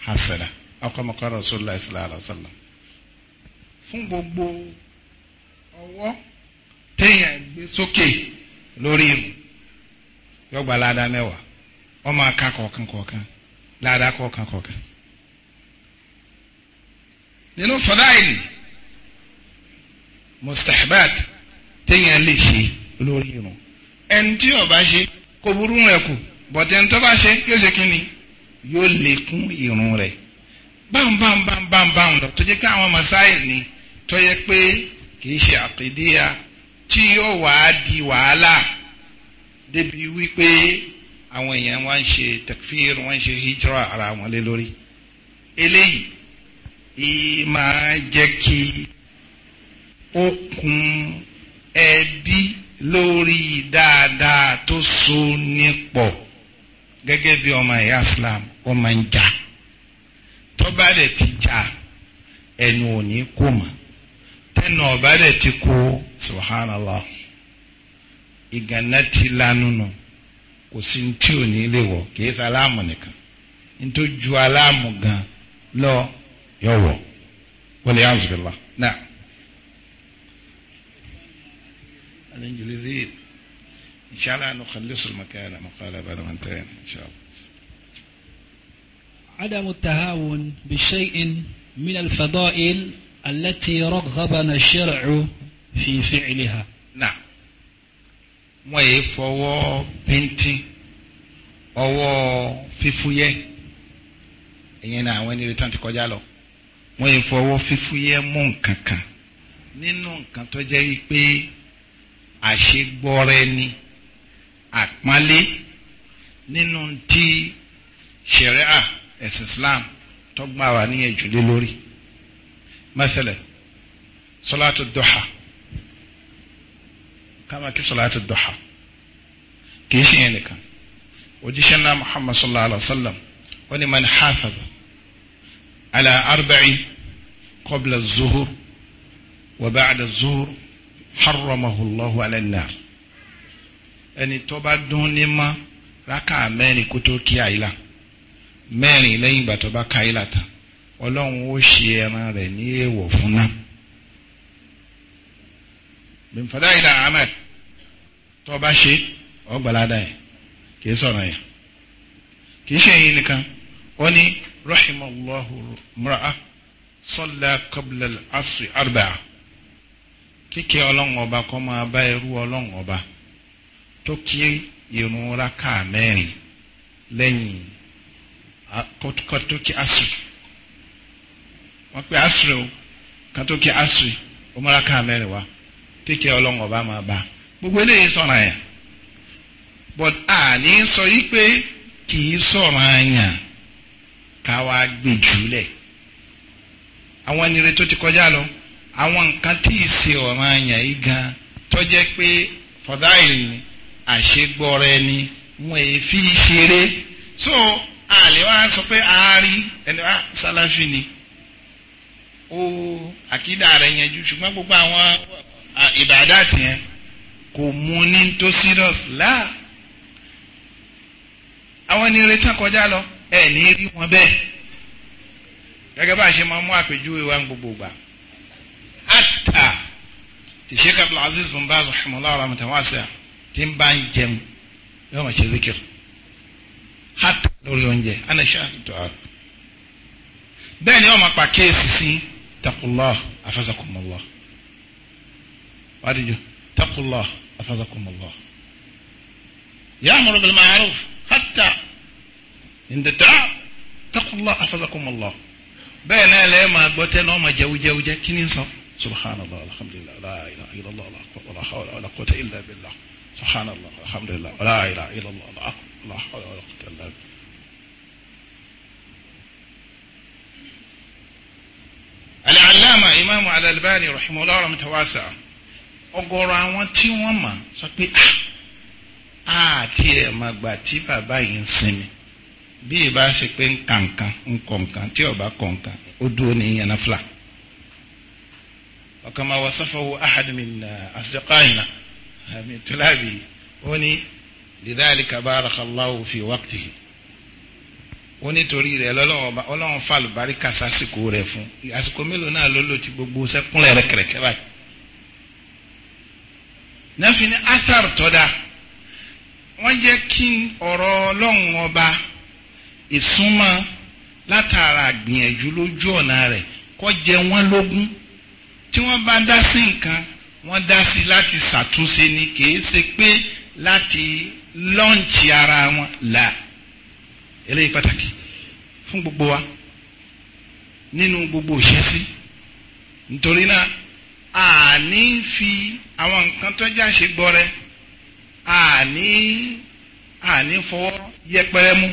hasana akọmọkọ rasulillah sallallahu alaihi wasallam fún gbogbo ọwọ́. téèyàn gbé sókè lórí ìmù yọgbà ládàá mẹ́wàá O máa ka kọ̀ọ̀kan kọ̀ọ̀kan ládàá kọ̀ọ̀kan kọ̀ọ̀kan. nínú fadail mustahbat téèyàn lè ṣe lórí ìmù ẹni tí ó ṣe kò burú rẹ̀ kù bọ̀tẹ́ni tó bá ṣe yóò ṣe kí ni yóò bam bam bam bam lọ tó jẹ́ pé àwọn ni tó yẹ pé kì í tí yóò wá di wàhálà débi wípé àwọn èèyàn wá ń ṣe takfir wọ́n ń ṣe hijra ara wọn lé lórí eléyìí ìyí máa jẹ́ kí okùn ẹbí lórí dáadáa tó so nípọ̀ gẹ́gẹ́ bí ọmọ ìyá Islam wọ́n ń jà tó bá dẹ̀ ti jà ẹnu ò ní kó mọ́. tẹ́nu ọ̀bá rẹ̀ ti kú subhanallah ìgànnà ti lanu nù kò sí tí ò ní lè wọ̀ kì í sálámù nìkan nítorí ju alámù gan lọ yọ wọ̀ wọlé azbillah náà. الإنجليزيين إن شاء الله نخلص المكان مقالة بعد ما انتهينا إن شاء الله عدم التهاون بشيء من الفضائل التي رغبنا الشرع في فعلها نعم wọ́n yìí fọwọ́ píntín ọwọ́ fífúyẹ́ ìyẹn náà àwọn ẹni retán ti kọjá lọ wọ́n yìí fọwọ́ fífúyẹ́ mú nǹkan kan nínú nǹkan tó jẹ́ wípé àṣegbọ́rẹ́ ni àpọ́nlé nínú tí ṣẹ̀ríà ẹ̀sìn Islam tó gbà wá níyànjú lé lórí. مثلا صلاة الضحى kama kí sọláàtì dọ̀ha kìí ṣe yẹn nìkan òjíṣẹ́ náà muhammad sallallahu alayhi wa sallam ó ní man hafaza ala arba'i qabla zuhur wa ba'da zuhur haramahu allahu ala nar ẹni tó bá dún ní ma rákà mẹ́rin kó tó kí àyílá mẹ́rin lẹ́yìn ìgbà tó bá ká àyílá tán ọlọ́run ó ṣe ẹran rẹ̀ ní èèwọ̀ fún náà bimfada ilà ahmed tó bá ṣe ọgbàládà yẹn kìí sọ̀rọ̀ yẹn kìí ṣe yìí nìkan ó ní rahimallahu mura'a salla qabla al arba'a kíkẹ́ ọlọ́run ọba kó máa bá irú ọlọ́run ọba tó kí irun rákà mẹ́rin lẹ́yìn kó tó wọ́n pe asiri o kátó kí asiri ó múra ká mẹ́rin wá kéèké ọlọ́run ọba máa bá gbogbo eléyìí sọ̀rọ̀ àyàn but àní sọ yí pé kì í sọ̀rọ̀ àyàn ká wá gbè jùlẹ̀ àwọn ẹni rẹ tó ti kọjá lọ àwọn nǹkan tí ì ṣe ọ̀rọ̀ àyàn yìí gan tó pé fọdáìlì ni àṣegbọ́ra ẹni wọn èé fi ṣeré so àlè wa sọ pé àárí ẹni wa sálàfì ni ó àkídà rẹ̀ yanjú ṣùgbọ́n gbogbo àwọn ìbàdà tiẹ̀ kò mú ní tó serious láà àwọn ẹni retí kọjá lọ ẹ ní rí wọn bẹ́ẹ̀ gẹ́gẹ́ bá a ṣe máa mú àpèjúwe wa gbogbo gbà àtà tí Sheikh Abdulaziz bin Baz rahimahullah rahmatan wasi'a tí ń bá ń jẹun yóò máa ṣe zikir àtà lórí oúnjẹ ana ṣe àtúntò àrùn bẹ́ẹ̀ ni wọ́n máa pa kéèsì sí i. اتقوا الله حفظكم الله اتقوا الله حفظكم الله يأمر بالمعروف حتى عند الدعاء اتقوا الله حفظكم الله بين لا ما وما جو جو جكني سبحان الله الحمد لله لا اله الا الله لا اكبر ولا حول ولا قوه الا بالله سبحان الله الحمد لله لا اله الا الله لا حول ولا قوه الا بالله alama imaamu alalibani rahimahullah rahmatawasa ọ̀gọ̀rọ̀ àwọn tí wọ́n mọ̀ sọ pé ah, a àti ẹ mà gbà tí bàbá yìí ń sinmi bí ìbá ṣe pé ń kà nǹkan ń kọ nǹkan tí ọba kọ nǹkan ó dúró ní yànnà fúlà. ọ̀kan máa wọ sáfọwọ́ ahadumi na asidọ́kàyìnà àmì tùlábì ó ní lidhalika barakallahu fi waqtihi ó nítorí rẹ̀ ọlọ́run fàlùbáríkà sásìkò rẹ̀ fún àsìkò mélòó náà ló lò tí gbogbo sẹ́kúnlẹ̀ rẹ̀ kẹ̀rẹ̀kẹ̀ báyìí. nàfi ní athar tọ́da wọ́n jẹ́ kí ọ̀rọ̀ ọlọ́run ọba ìsúnmọ́ látara gbìyànjú lójú ọ̀nà rẹ̀ kó jẹ wọ́n lógún tí wọ́n bá dá sí nǹkan wọ́n dá sí láti ṣàtúnṣe ni kì í ṣe pé láti lọ́ǹtì ara wọn là. La eléyìí pàtàkì fún gbogbo wa nínú gbogbo ìṣesí nítorí náà a ní fi àwọn nǹkan tó já ṣe gbọ́ rẹ a ní a ní fọwọ́ yẹpẹrẹ mú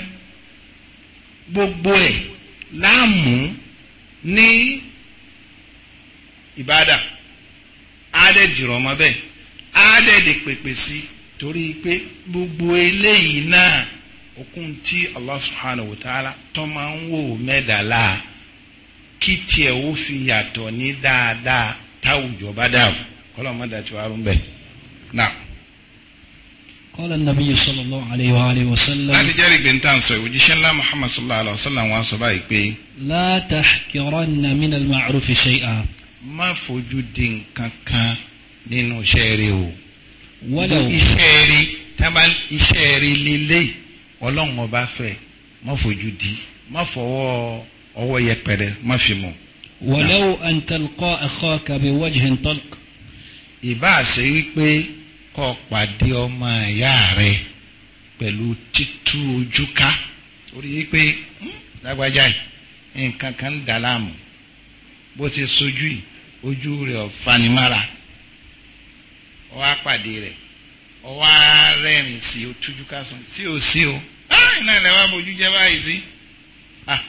gbogbo ẹ̀ láàmú ní ìbádà ádẹ́dìrọ̀ ọmọ bẹ́ẹ̀ ádẹ́dì pèpè sí torí pé gbogbo eléyìí náà. okun tí Allah subhanahu wa ta'ala tó máa ń wò mẹ́dàlá kí tiẹ̀ ó fi yàtọ̀ ní dáadáa táwùjọ bá dàrú kọ́lọ́ mọ́ dàtí wàá rún bẹ́ẹ̀ náà. قال النبي صلى الله عليه وآله وسلم láti jẹ́rìí pé nta ń sọ òjíṣẹ́ ńlá muhammad sallallahu alayhi wa sallam wa sọ báyìí pé. لا تحقرن من المعروف شيئا. má fojú di nǹkan kan nínú iṣẹ́ rẹ o. wọ́lẹ̀ o iṣẹ́ rẹ tábà iṣẹ́ rẹ lélẹ̀ ọlọ́run ọba fẹ́ má fojú di má fọwọ́ ọwọ́ yẹpẹrẹ má fi mọ̀. walaw an talqa akhaka bi wajhin talq. ìbá ṣe wípé kọ́ pàdé ọmọ ìyá rẹ pẹ̀lú títú ojú ká orí wípé hmm, lágbájá yìí nǹkan kan dà láàmú bó ti sojú yìí ojú rẹ̀ ọ̀fanimára ó wá rẹ̀ ọwọ́ arẹ́rìn si o tújú ká sùn sí o sí o ah, iná wa bójú jẹ́ báyìí sí ah,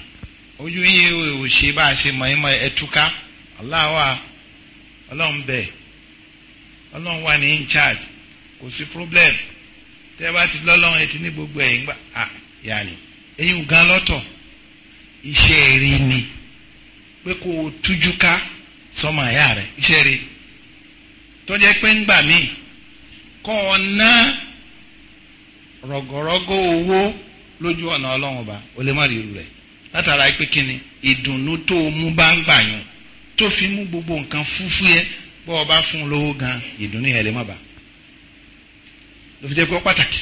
ojú yín ò ṣe bá a ṣe mọ̀ ẹ́ túká aláwa ọlọ́run bẹ̀ ọlọ́run wà ní in charge kò sí problem tẹ́ bá ti lọ́lọ́run ní gbogbo ẹ̀yìn gbà ah, yàní gan lọ́tọ̀ iṣẹ́ rí ni pé ká sọmọ iṣẹ́ rí kọ́ ọ ná rọ̀gọ̀rọ̀gọ̀ owó lójú ọ̀nà ọlọ́run ọba o lè má rí irú rẹ̀ látara pé kí ni ìdùnnú tó o mú bá ń gbà yàn tó fi mú gbogbo nǹkan fúfú yẹ bọ́ ọ bá fún un lówó gan ìdùnnú yẹn lè má bà ló fi jẹ́ pé ó pàtàkì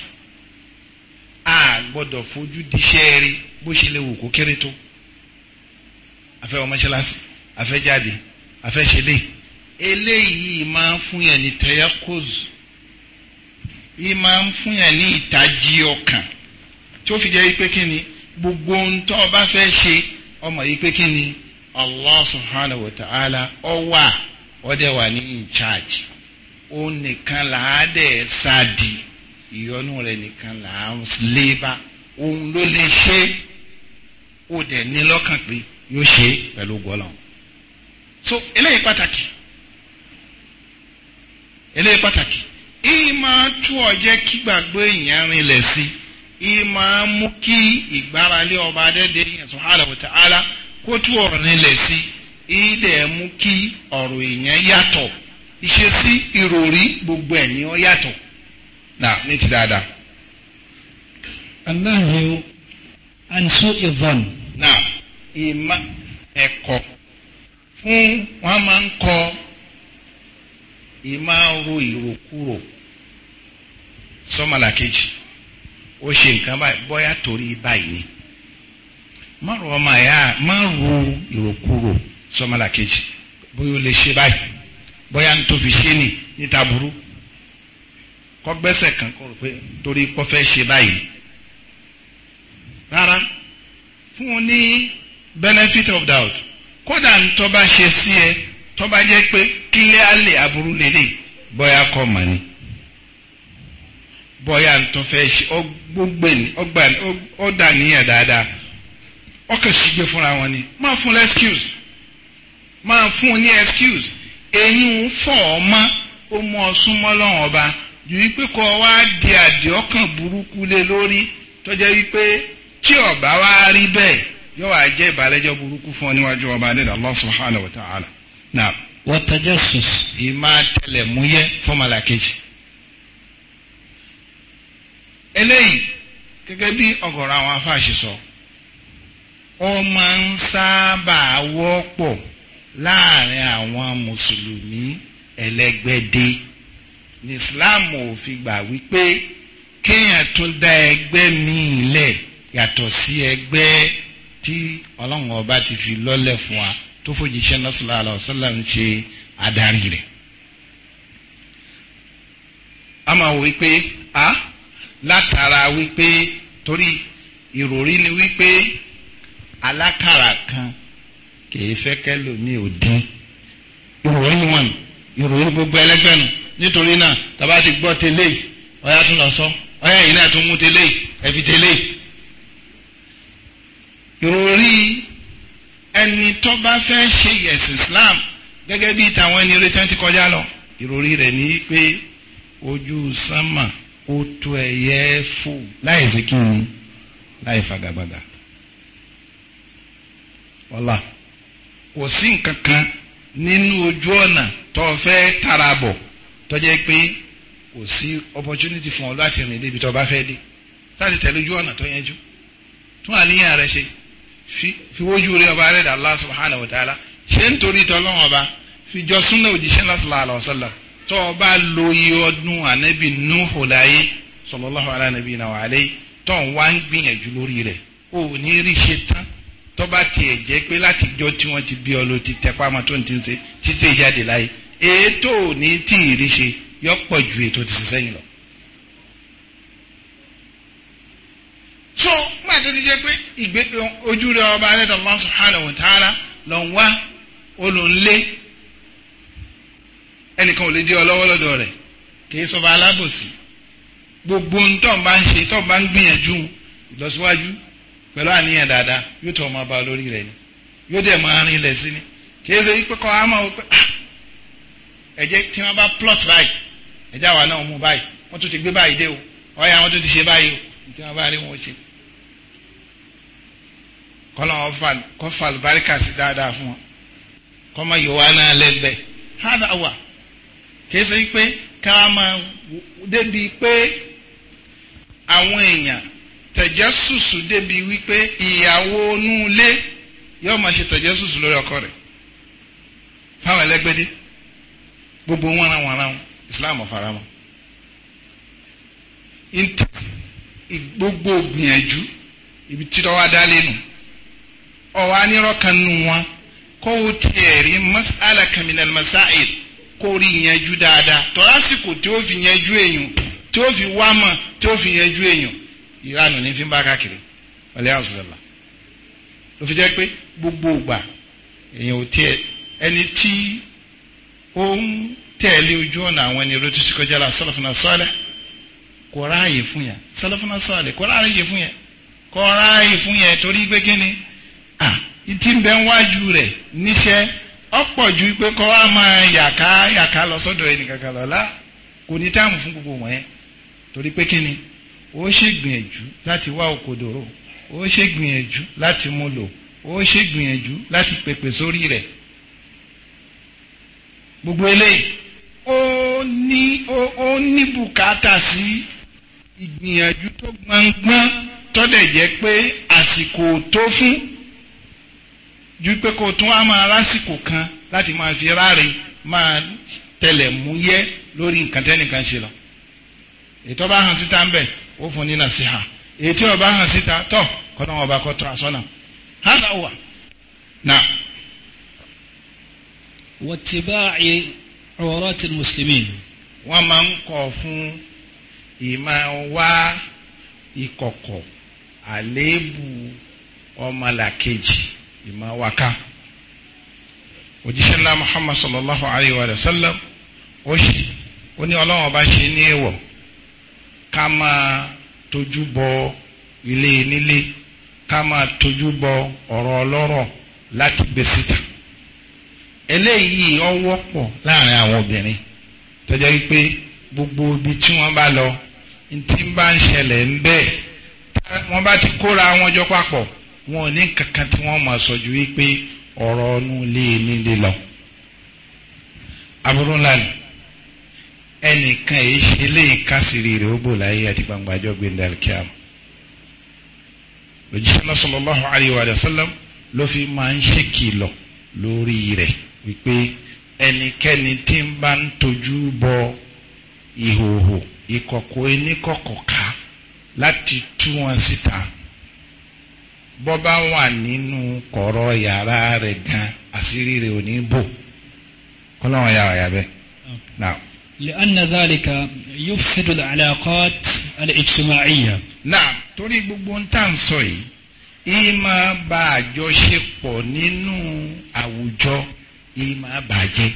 a gbọ́dọ̀ fojú di iṣẹ́ rí bó ṣe lè wò kó kéré tó afẹ́ ọmọṣẹ́láṣí afẹ́ jáde afẹ́ ṣẹlẹ̀ eléyìí máa ń fún yẹn ní tẹ́yà kóòzù yìí máa ń fún yàn ní ìtají ọkàn tó fi jẹ́ pé kí ni gbogbo ohun tó o bá fẹ́ ṣe ọmọ yìí pé kí ni Allah subhanahu wa ta'ala ọ wà ọ dẹ̀ wà ní in charge ó nìkan là á dẹ̀ sáàdì ìyọnu rẹ̀ nìkan là á lé bá òun ló lè ṣe ó dẹ̀ ní lọ́kàn pé yóò ṣe pẹ̀lú gbọ́lọ̀ so eléyìí pàtàkì tí wọ́n jẹ́ kí gbàgbọ́ èèyàn rinlẹ̀ sí i máa mú kí ìgbáralé ọba adẹ́dẹ́ èèyàn subhanahu ala ta'ala kó tí wọ́n rinlẹ̀ sí i dẹ̀ mú kí ọ̀rọ̀ èèyàn yàtọ̀ ìṣesí ìròrí gbogbo ẹ̀ ni ó yàtọ̀ nà ní ti dáadáa. fún wọn máa ń kọ sọ́mọlà kejì ó ṣe nǹkan báyìí bóyá torí báyìí ni má rò ọmọ ẹ̀yà má rò ìròkúrò sọ́mọlà kejì bóyá ó lè ṣe báyìí bóyá ń tó fi nì níta burú kọ́gbẹ́sẹ̀ kan kọ́ pé torí kọ́ ṣe báyìí rárá fún un ní benefit of doubt kódà tó bá ṣe sí ẹ tó bá jẹ́ pé clearly aburú lélẹ̀ bóyá kọ́ mọ̀ ni bọ́yá ntọ́ fẹ́ ṣe ọgbà ọ̀dà níyàn dáadáa ọkàn fúnra wọn ni máa fún excuse máa fún ní excuse eyín fọ̀ ọ́ mọ́ ó mú ọ súnmọ́ lọ́wọ́n ọba ju wípé kọ́ wá di ọkàn burúkú lé lórí wípé kí ọba wá rí bẹ́ẹ̀ yóò wá jẹ́ ìbàlẹ́jọ́ burúkú fún ọ níwájú ọba wọ́n eléyìí gẹ́gẹ́ bí ọ̀gọ̀rọ̀ àwọn afáàṣẹ sọ ó máa ń sábà wọ́pọ̀ láàrin àwọn mùsùlùmí ẹlẹ́gbẹ́dẹ́ ní islam ò fi gbà wípé kéèyàn tún dá ẹgbẹ́ míì lẹ̀ yàtọ̀ sí ẹgbẹ́ tí ọlọ́run ọba ti fi lọ́lẹ̀ fún wa tó fòjíṣẹ́ náà sallallahu alaihi wasallam ń ṣe adarí rẹ̀ a máa wípé a. Ah? látara wípé torí ìròrí ni wípé alákàrà kan kìí fẹ́ kẹ́lòmíì ò dín ìròrí wọn ni ìròrí gbogbo ẹlẹgbẹ́ nu nítorí náà tàbá ti gbọ́ tẹ́lẹ̀ ọ̀yá tún lọ sọ ọ̀yá yìí náà tún mú tẹ́lẹ̀ ẹ tẹ́lẹ̀ ìròrí ẹni tó bá fẹ́ ṣe yẹ̀sìn Islam gẹ́gẹ́ bí tàwọn ẹni retí ti kọjá lọ ìròrí rẹ̀ ní pé ojú sánmà ó tó ẹyẹ fò láì sí kí ni láì fagagbága wọ́lá kò sí nǹkan kan nínú ojú ọ̀nà tó o fẹ́ tara bọ̀ tó jẹ́ pé kò sí opportunity fún ọ láti rìn débi tó o bá fẹ́ dé láti tẹ̀lé ojú ọ̀nà tó yẹn jù tún àníyàn rẹ ṣe fi wójú rẹ ọba rẹ dà Allah subhanahu wa ta'ala ṣé nítorí tọ́lọ́wọ́n ọba fi jọ súnà òjíṣẹ́ sallallahu alaihi wasallam tọ́ ọ bá lo iye ọdún ànábì Nuhu láyé sallallahu ala nabina wa alayhi tọ́ ọ wá ń gbìyànjú lórí rẹ̀ o ò ní rí ṣe tán tọ́ bá tiẹ̀ jẹ́ pé látijọ́ tí wọ́n ti bí ọ ló ti tẹpá ọmọ tó ń ti ṣe ti ṣe jáde láyé ètò ò tí ì rí ṣe yọ pọ̀ ju ètò ti sẹ́yìn lọ. so máa ti jẹ́ pé ìgbé ojú rẹ ọba alẹ́ Allah subhanahu wa ta'ala lọ́n wá olùlé ẹnìkan ò lè dé ọ lọ́wọ́ lọ́dọ̀ rẹ̀ kì í sọba alábòsí gbogbo ń tọ́ bá ń ṣe tọ́ bá ń gbìyànjú ìlọsíwájú pẹ̀lú àníyàn dáadáa yóò tọ́ ọmọ ọba lórí rẹ̀ ni yóò dẹ̀ máa rin ilẹ̀ sí ni kì í ṣe pé kọ́ á máa wọ pé ẹ jẹ́ tí wọ́n bá plot báyìí ẹ jẹ́ àwa náà mú báyìí wọ́n tún ti gbé báyìí dé o ọ̀ya wọ́n tún ti ṣe báyìí o tí wọ́n bá rí wọn ṣe kọlọ́n kọ́ fàlùbáríkà sí dáadáa fún wọn kọ́ mọ yòówá náà lẹ́gbẹ̀ẹ́ hádà kì í ṣe pé ká máa débi pé àwọn èèyàn tẹ̀jẹ́ sùsù débi wípé ìyàwó onú ilé yóò máa ṣe tẹ̀jẹ́ sùsù lórí ọkọ rẹ̀ gbogbo wọn ràn wọn ràn wọn Islam ọ̀fara wọn. gbogbo gbìyànjú ibi títọ́ wa dá lẹ́nu ọ̀wá nírọ̀ kan wọn kó o mas'ala kaminal masa'il kó rí ìyẹnjú dáadáa tọ́lásìkò tí ó fi yẹnjú èèyàn tí ó fi wá mọ̀ tí ó fi yẹnjú èèyàn ìranù ní fi ń bá káàkiri ọ̀lẹ́ àwùsọ̀lá ló fi jẹ́ pé gbogbo ìgbà èèyàn ò tiẹ̀ ẹni tí ó ń tẹ̀lé ojú ọ̀nà àwọn ẹni ró tó ti kọjá la sálàfúnà sálẹ̀ kò ráàyè fún yẹn sálàfúnà sálẹ̀ kò ráàyè fún yẹn kò ráàyè fún yẹn torí pé kí ah ìtì ń bẹ rẹ̀ níṣẹ́ ọ̀pọ̀ ju pé kọ́ wa máa yàká yàká lọ sọ́dọ̀ ẹnìkankan lọ́la kò ní táàmù fún gbogbo wọ̀nyẹn torí pé kí ni ó ṣègbìyànjú láti wá òkodoro ó ṣègbìyànjú láti mú lò ó ṣègbìyànjú láti pèpè sórí rẹ̀ gbogbo eléyìí ó ní ó ní bùkátà sí ìgbìyànjú tó gbọ̀ngbọ̀n tó jẹ́ pé àsìkò tó fún ju pé kó tún á máa lásìkò kan láti máa fi ráre máa tẹlẹ̀ mú yẹ lórí nǹkan tẹ́nìkan ṣe lọ ètò bá hàn síta ń bẹ̀ ó fún ní nàṣíhà ètò ọba hàn síta tọ̀ kọ́nà ọba kọ́ tó àsọ́nà hàdà wà nà. wàtíbáàì ọ̀rọ̀tì mùsùlùmí. wọ́n máa ń kọ̀ fún ìmọ̀ wá ìkọ̀kọ̀ àléébù ọmọlàkejì ìmọ̀ wa ká òjíṣẹ́ Muhammad sallallahu alayhi wa sallam ó ṣe ó ní ọlọ́wọ́n bá ṣe ní èèwọ̀ ká máa tójú bọ ilé nílé ká máa tójú bọ ọ̀rọ̀ ọlọ́rọ̀ láti gbé síta eléyìí ó wọ́pọ̀ láàrin àwọn obìnrin tó wípé gbogbo ibi tí wọ́n bá lọ tí ń bá ń ṣẹlẹ̀ ń bẹ́ẹ̀ wọ́n bá ti kóra wọn jọ papọ̀ wọn ò ní kankan tí wọ́n máa sọ ju wípé ọ̀rọ̀ ọ̀nù lé ní lílọ. aburú ńlá ni ẹnìkan èyí ṣe léyìí kásìrì rẹ̀ ó bò láyé àti gbangba àjọ gbẹ̀ndẹ̀ alikiam lójúṣẹ́lá sallallahu alayhi wa sallam ló fi máa ń ṣèkìlọ̀ lórí rẹ̀ wípé ẹnikẹ́ni tí ń bá ń tojú bọ ìhòhò ìkọ̀kọ̀ eníkọ̀kọ̀ ká láti tú wọn síta bọ́ bá wà nínú kọ̀rọ̀ yàrá rẹ̀ gan àṣírí rẹ̀ ò ní bò kọ́lọ́wọ́n yà wáyà bẹ́ẹ̀. لأن ذلك يفسد العلاقات الاجتماعية. نعم torí gbogbo ń tà ń sọ yìí yìí máa ba àjọṣepọ̀ nínú àwùjọ yìí máa bàjẹ́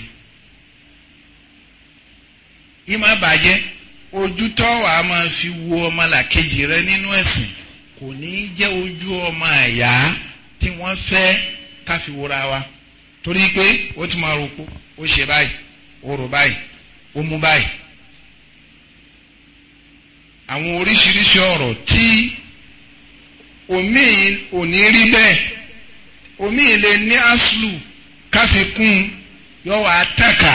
yìí máa bàjẹ́ ojútọ́ wàá máa fi wo ọmọlàkejì rẹ nínú ẹ̀sìn kò ní í jẹ́ ojú ọmọ àyà tí wọ́n fẹ́ ká fi wúra wa torí pé ó ti máa roko ó ṣe báyìí ó rò báyìí ó mú báyìí àwọn oríṣiríṣi ọ̀rọ̀ tí omi ò ní rí bẹ́ẹ̀ omi lè ní aslu káfíkún yọ wá tàkà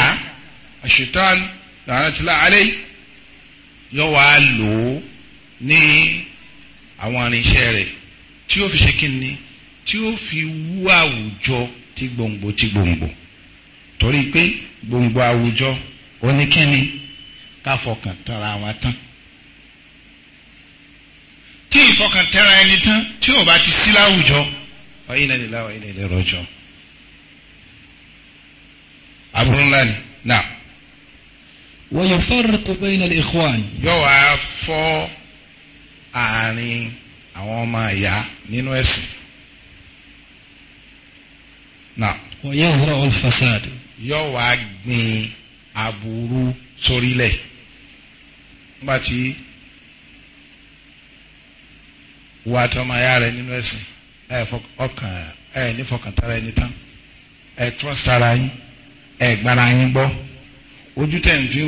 àṣetán làwọn ti là á yọ wá lò ó ní àwọn irinṣẹ́ rẹ̀ tí ó fi ṣe kí ni tí ó fi wú àwùjọ tí gbòǹgbò tí gbòǹgbò torí pé gbòǹgbò àwùjọ oníkíni káfọkàn tara wọn tán tí ìfọkàn tara ẹni tán tí ò bá ti sí láwùjọ ọyìn náà nílá ọyìn náà ilé rọjò aburú ńlá ni náà. wọ́n yóò fẹ́ràn tó bẹ́ẹ̀ ní ikhwan. yóò wá fọ́. àárín àwọn ọmọ ya nínú ẹ̀sìn. wa yazra'u al-fasad. yóò wá gbin aburú sórílẹ̀ nígbà tí wà á tọ́ ọmọ ìyá rẹ nínú ẹ̀sìn ẹ̀ ọkàn ẹ̀ nífọkàntara ẹni tán ẹ̀ trọ́sítara yín ẹ̀ gbára yín gbọ́ ojú tẹ̀ ń fi